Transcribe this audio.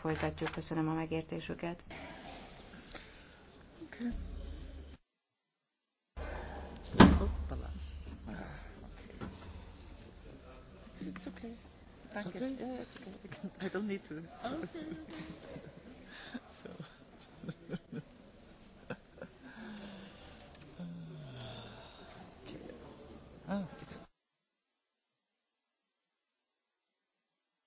folytatjuk. Köszönöm a megértésüket. Oh, ah, it's